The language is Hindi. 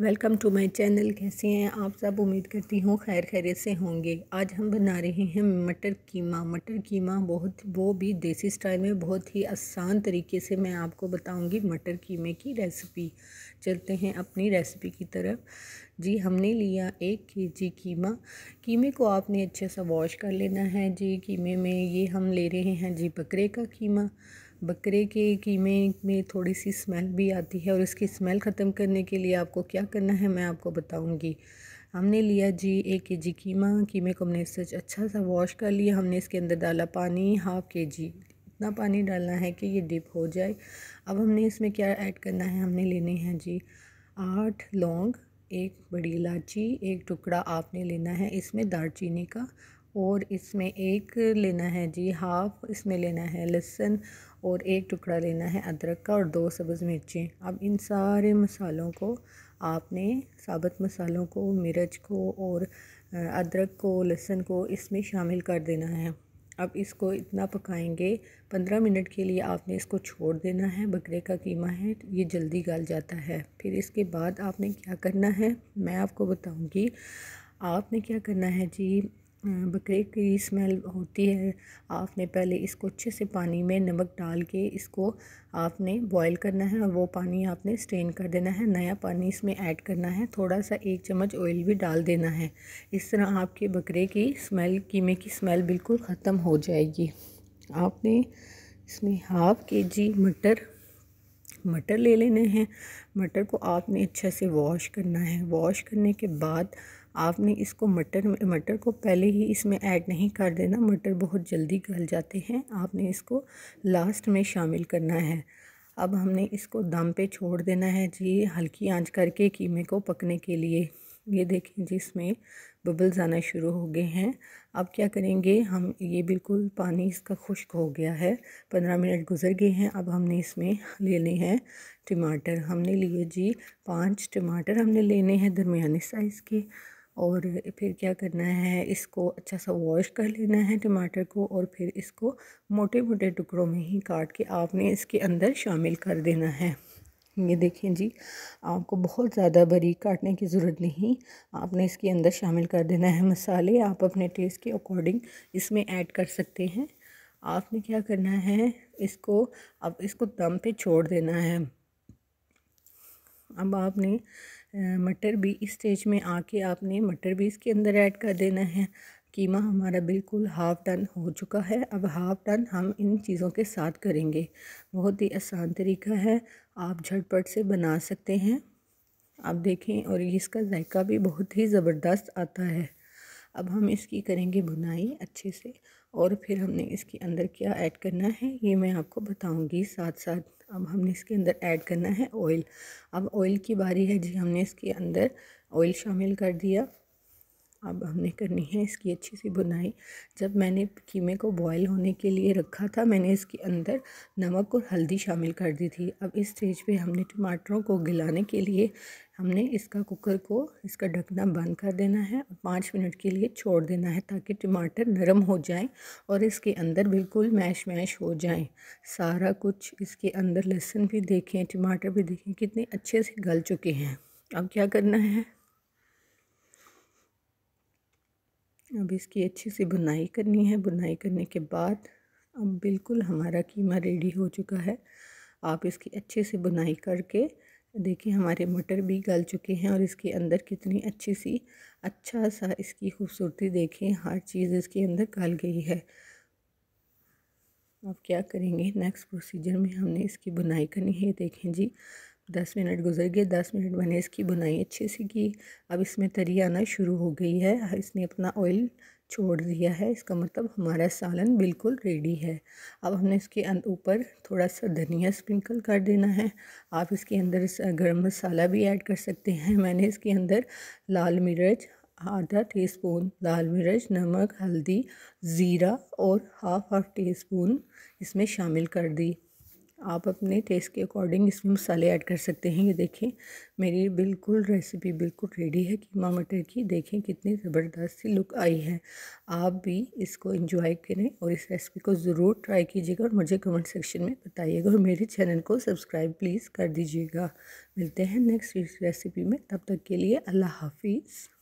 वेलकम टू माय चैनल कैसे हैं आप सब उम्मीद करती हूँ खैर खैरियत से होंगे आज हम बना रहे हैं मटर कीमा मटर कीमा बहुत वो भी देसी स्टाइल में बहुत ही आसान तरीके से मैं आपको बताऊंगी मटर कीमे की रेसिपी चलते हैं अपनी रेसिपी की तरफ जी हमने लिया एक के जी कीमा कीमे को आपने अच्छे से वॉश कर लेना है जी कीमे में ये हम ले रहे हैं जी बकरे का कीमा बकरे के कीमे में थोड़ी सी स्मेल भी आती है और इसकी स्मेल ख़त्म करने के लिए आपको क्या करना है मैं आपको बताऊँगी हमने लिया जी एक के जी कीमा कीमे को हमने इससे अच्छा सा वॉश कर लिया हमने इसके अंदर डाला पानी हाफ़ के जी इतना पानी डालना है कि ये डिप हो जाए अब हमने इसमें क्या ऐड करना है हमने लेने हैं जी आठ लौंग एक बड़ी इलायची एक टुकड़ा आपने लेना है इसमें दालचीनी का और इसमें एक लेना है जी हाफ़ इसमें लेना है लहसुन और एक टुकड़ा लेना है अदरक का और दो सब्ज़ मिर्ची अब इन सारे मसालों को आपने साबत मसालों को मिर्च को और अदरक को लहसुन को इसमें शामिल कर देना है अब इसको इतना पकाएंगे पंद्रह मिनट के लिए आपने इसको छोड़ देना है बकरे का कीमा है ये जल्दी गल जाता है फिर इसके बाद आपने क्या करना है मैं आपको बताऊंगी आपने क्या करना है जी बकरे की स्मेल होती है आपने पहले इसको अच्छे से पानी में नमक डाल के इसको आपने बॉईल करना है और वो पानी आपने स्ट्रेन कर देना है नया पानी इसमें ऐड करना है थोड़ा सा एक चम्मच ऑयल भी डाल देना है इस तरह आपके बकरे की स्मेल कीमे की स्मेल बिल्कुल ख़त्म हो जाएगी आपने इसमें हाफ़ के जी मटर मटर ले लेने हैं मटर को आपने अच्छे से वॉश करना है वॉश करने के बाद आपने इसको मटर मटर को पहले ही इसमें ऐड नहीं कर देना मटर बहुत जल्दी गल जाते हैं आपने इसको लास्ट में शामिल करना है अब हमने इसको दम पे छोड़ देना है जी हल्की आंच करके कीमे को पकने के लिए ये देखें जी इसमें बबल्स आना शुरू हो गए हैं अब क्या करेंगे हम ये बिल्कुल पानी इसका खुश्क हो गया है पंद्रह मिनट गुजर गए हैं अब हमने इसमें लेने हैं टमाटर हमने लिए जी पांच टमाटर हमने लेने हैं दरमिया साइज़ के और फिर क्या करना है इसको अच्छा सा वॉश कर लेना है टमाटर को और फिर इसको मोटे मोटे टुकड़ों में ही काट के आपने इसके अंदर शामिल कर देना है ये देखें जी आपको बहुत ज़्यादा बारीक काटने की ज़रूरत नहीं आपने इसके अंदर शामिल कर देना है मसाले आप अपने टेस्ट के अकॉर्डिंग इसमें ऐड कर सकते हैं आपने क्या करना है इसको अब इसको दम पे छोड़ देना है अब आपने मटर भी इस स्टेज में आके आपने मटर भी इसके अंदर ऐड कर देना है कीमा हमारा बिल्कुल हाफ़ टन हो चुका है अब हाफ़ टन हम इन चीज़ों के साथ करेंगे बहुत ही आसान तरीका है आप झटपट से बना सकते हैं आप देखें और इसका जायका भी बहुत ही ज़बरदस्त आता है अब हम इसकी करेंगे बुनाई अच्छे से और फिर हमने इसके अंदर क्या ऐड करना है ये मैं आपको बताऊंगी साथ साथ अब हमने इसके अंदर ऐड करना है ऑयल अब ऑयल की बारी है जी हमने इसके अंदर ऑयल शामिल कर दिया अब हमने करनी है इसकी अच्छी सी बुनाई जब मैंने कीमे को बॉयल होने के लिए रखा था मैंने इसके अंदर नमक और हल्दी शामिल कर दी थी अब इस स्टेज पे हमने टमाटरों को गिलाने के लिए हमने इसका कुकर को इसका ढकना बंद कर देना है और पाँच मिनट के लिए छोड़ देना है ताकि टमाटर नरम हो जाएं और इसके अंदर बिल्कुल मैश मैश हो जाएं सारा कुछ इसके अंदर लहसुन भी देखें टमाटर भी देखें कितने अच्छे से गल चुके हैं अब क्या करना है अब इसकी अच्छी से बुनाई करनी है बुनाई करने के बाद अब बिल्कुल हमारा कीमा रेडी हो चुका है आप इसकी अच्छे से बुनाई करके देखिए हमारे मटर भी गल चुके हैं और इसके अंदर कितनी अच्छी सी अच्छा सा इसकी खूबसूरती देखें हर चीज़ इसके अंदर गल गई है अब क्या करेंगे नेक्स्ट प्रोसीजर में हमने इसकी बुनाई करनी है देखें जी दस मिनट गुजर गए दस मिनट मैंने इसकी बुनाई अच्छे से की अब इसमें तरी आना शुरू हो गई है इसने अपना ऑयल छोड़ दिया है इसका मतलब हमारा सालन बिल्कुल रेडी है अब हमने इसके अं-, ऊपर थोड़ा सा धनिया स्प्रिंकल कर देना है आप इसके अंदर गर्म मसाला भी ऐड कर सकते हैं मैंने इसके अंदर लाल मिर्च आधा टी स्पून लाल मिर्च नमक हल्दी ज़ीरा और हाफ हाफ टी स्पून इसमें शामिल कर दी आप अपने टेस्ट के अकॉर्डिंग इसमें मसाले ऐड कर सकते हैं ये देखें मेरी बिल्कुल रेसिपी बिल्कुल रेडी है कीमा मटर की देखें कितनी ज़बरदस्त सी लुक आई है आप भी इसको इंजॉय करें और इस रेसिपी को ज़रूर ट्राई कीजिएगा और मुझे कमेंट सेक्शन में बताइएगा और मेरे चैनल को सब्सक्राइब प्लीज़ कर दीजिएगा मिलते हैं नेक्स्ट रेसिपी में तब तक के लिए अल्लाह हाफिज़